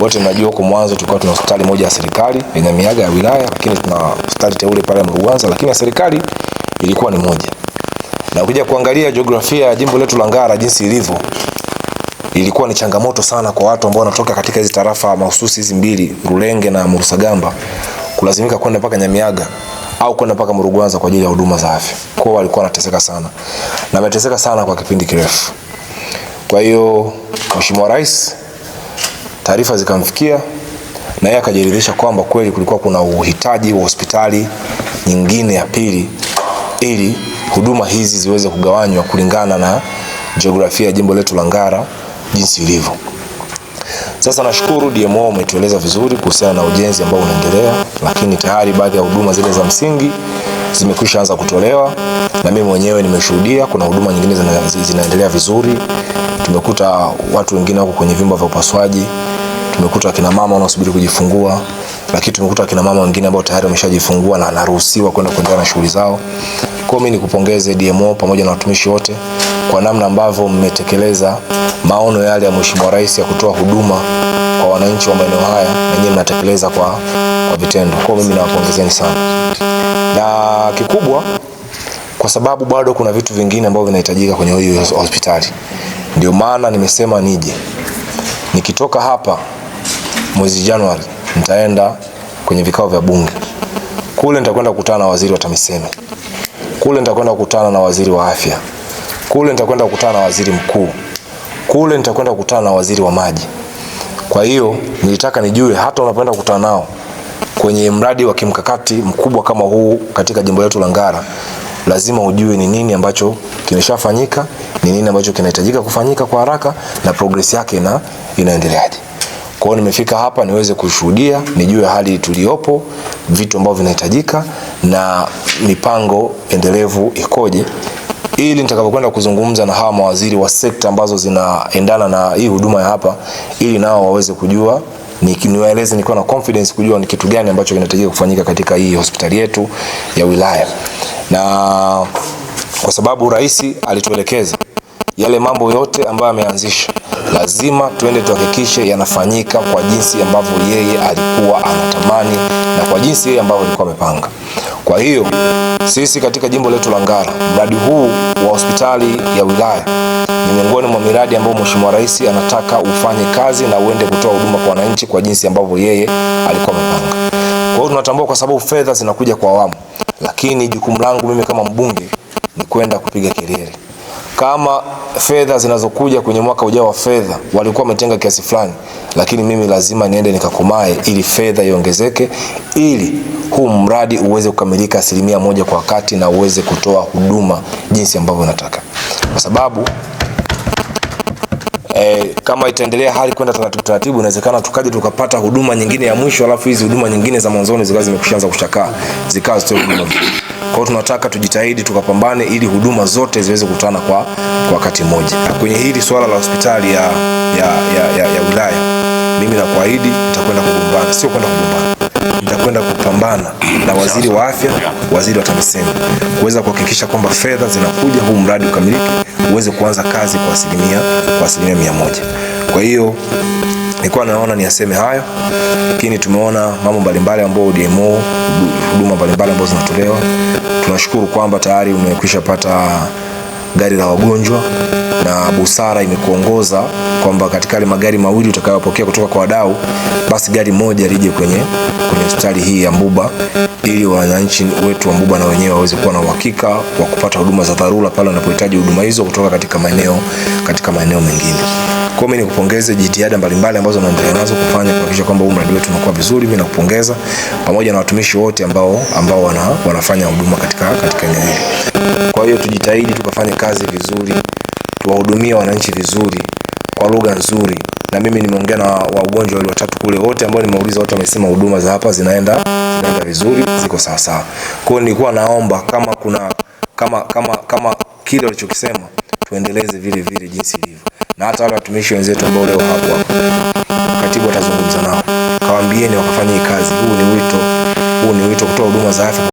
Wote tunajua kwa mwanzo tulikuwa tuna hospitali moja ya serikali yenye miaga ya wilaya, lakini tuna hospitali teule pale Mruanza, lakini ya serikali ilikuwa ni moja. Na ukija kuangalia jiografia ya jimbo letu la Ngara jinsi ilivyo, ilikuwa ni changamoto sana kwa watu ambao wanatoka katika hizi tarafa mahususi hizi mbili, Rulenge na Murusagamba, kulazimika kwenda mpaka Nyamiaga au kwenda mpaka Murugwanza kwa ajili ya huduma za afya. Kwa hiyo walikuwa wanateseka sana. Na wameteseka sana kwa kipindi kirefu. Kwa hiyo Mheshimiwa Rais Taarifa zikamfikia na yeye akajiridhisha kwamba kweli kulikuwa kuna uhitaji wa hospitali nyingine ya pili ili huduma hizi ziweze kugawanywa kulingana na jiografia ya jimbo letu la Ngara jinsi ilivyo. Sasa nashukuru DMO umetueleza vizuri kuhusiana na ujenzi ambao unaendelea, lakini tayari baadhi ya huduma zile za msingi zimekwisha anza kutolewa, na mimi mwenyewe nimeshuhudia. Kuna huduma nyingine zina, zinaendelea vizuri. Tumekuta watu wengine wako kwenye vyumba vya upasuaji, tumekuta kina mama wanaosubiri kujifungua, lakini tumekuta kina mama wengine ambao tayari wameshajifungua na anaruhusiwa kwenda kuendelea na shughuli zao. Kwa mimi nikupongeze DMO pamoja na watumishi wote kwa namna ambavyo mmetekeleza maono yale ya Mheshimiwa Rais ya kutoa huduma kwa wananchi wa maeneo haya, na nyinyi mnatekeleza kwa, kwa vitendo. Kwa mimi nawapongezeni sana na kikubwa, kwa sababu bado kuna vitu vingine ambavyo vinahitajika kwenye hiyo hospitali. Ndio maana nimesema nije, nikitoka hapa mwezi Januari nitaenda kwenye vikao vya Bunge, kule nitakwenda kukutana na waziri wa TAMISEMI, kule nitakwenda kukutana na waziri wa afya, kule nitakwenda kukutana na waziri mkuu, kule nitakwenda kukutana na waziri wa maji. Kwa hiyo nilitaka nijue hata unapoenda kukutana nao kwenye mradi wa kimkakati mkubwa kama huu katika jimbo letu la Ngara lazima ujue ni nini ambacho kimeshafanyika, ni nini ambacho kinahitajika kufanyika kwa haraka na progress yake ina, inaendeleaje. Kwa hiyo nimefika hapa niweze kushuhudia, nijue hali tuliyopo, vitu ambavyo vinahitajika na mipango endelevu ikoje, ili nitakapokwenda kuzungumza na hawa mawaziri wa sekta ambazo zinaendana na hii huduma ya hapa, ili nao waweze kujua niwaeleze nikiwa na confidence kujua ni kitu gani ambacho kinatakiwa kufanyika katika hii hospitali yetu ya wilaya, na kwa sababu rais alituelekeza yale mambo yote ambayo ameanzisha lazima tuende tuhakikishe yanafanyika kwa jinsi ambavyo yeye alikuwa anatamani na kwa jinsi yeye ambavyo alikuwa amepanga. Kwa hiyo sisi katika jimbo letu la Ngara, mradi huu wa hospitali ya wilaya ni miongoni mwa miradi ambayo Mheshimiwa Rais anataka ufanye kazi na uende kutoa huduma kwa wananchi kwa jinsi ambavyo yeye alikuwa amepanga. Kwa hiyo tunatambua, kwa sababu fedha zinakuja kwa awamu, lakini jukumu langu mimi kama mbunge ni kwenda kupiga kelele kama fedha zinazokuja kwenye mwaka ujao wa fedha walikuwa wametenga kiasi fulani, lakini mimi lazima niende nikakomae ili fedha iongezeke, ili huu mradi uweze kukamilika asilimia moja kwa wakati na uweze kutoa huduma jinsi ambavyo nataka, kwa sababu E, kama itaendelea hali kwenda taratibu taratibu, inawezekana tukaje tukapata huduma nyingine ya mwisho, alafu hizi huduma nyingine za mwanzoni zikawa zimekushaanza kuchakaa zikawa zitoe huduma kwa hiyo tunataka tujitahidi tukapambane ili huduma zote ziweze kukutana kwa wakati mmoja. Kwenye hili swala la hospitali ya, ya, ya, ya, ya wilaya, mimi nakuahidi nitakwenda kugombana, sio kwenda kugombana nitakwenda kupambana na waziri wa afya, waziri wa TAMISEMI kuweza kuhakikisha kwamba fedha zinakuja, huu mradi ukamilike, uweze kuanza kazi kwa asilimia kwa asilimia mia moja. Kwa hiyo nilikuwa naona ni aseme hayo, lakini tumeona mambo mbalimbali ambayo DMO huduma mbalimbali ambazo zinatolewa. Tunashukuru kwamba tayari umekwisha pata gari la wagonjwa na busara imekuongoza kwamba katika yale magari mawili utakayopokea kutoka kwa wadau, basi gari moja lije kwenye kwenye hospitali hii ya Mbuba ili wananchi wetu wa Mbuba na wenyewe waweze kuwa na uhakika wa kupata huduma za dharura pale wanapohitaji huduma hizo kutoka katika maeneo katika maeneo mengine. Kwa mimi nikupongeze jitihada mbalimbali ambazo unaendelea nazo kufanya kuhakikisha kwamba huu mradi wetu unakuwa vizuri. Mimi nakupongeza pamoja na watumishi wote ambao ambao wana, wanafanya huduma katika katika eneo hili. Kwa hiyo tujitahidi tukafanye kazi vizuri, tuwahudumie wananchi vizuri kwa lugha nzuri na mimi nimeongea na wagonjwa wale watatu kule, wote ambao nimeuliza, wote wamesema huduma za hapa zinaenda zinaenda vizuri, ziko sawa sawa. Kwa hiyo nilikuwa naomba kama kuna kama kama kama kile walichokisema tuendeleze vile vile jinsi ilivyo, na hata wale watumishi wenzetu ambao leo hapo hapo katibu atazungumza nao, kawaambieni wakafanye kazi.